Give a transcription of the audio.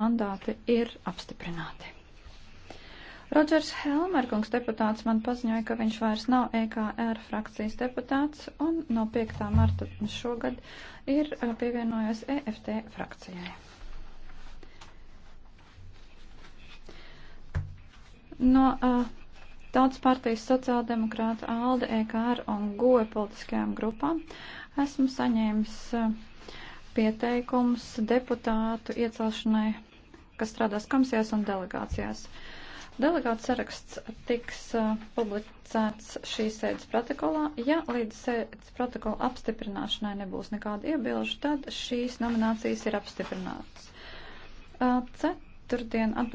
mandāti ir apstiprināti. Rodžers Helmerkungs deputāts man paziņoja, ka viņš vairs nav EKR frakcijas deputāts un no 5. marta šogad ir uh, pievienojies EFT frakcijai. No uh, Tautas partijas sociāldemokrāta ALDE, EKR un GOE politiskajām grupām esmu saņēmis uh, pieteikums deputātu iecelšanai kas strādās komisijās un delegācijās. Delegāts saraksts tiks publicēts šīs sēdes protokolā. Ja līdz sēdes protokola apstiprināšanai nebūs nekāda iebilža, tad šīs nominācijas ir apstiprinātas. Ceturtdien atbildēs.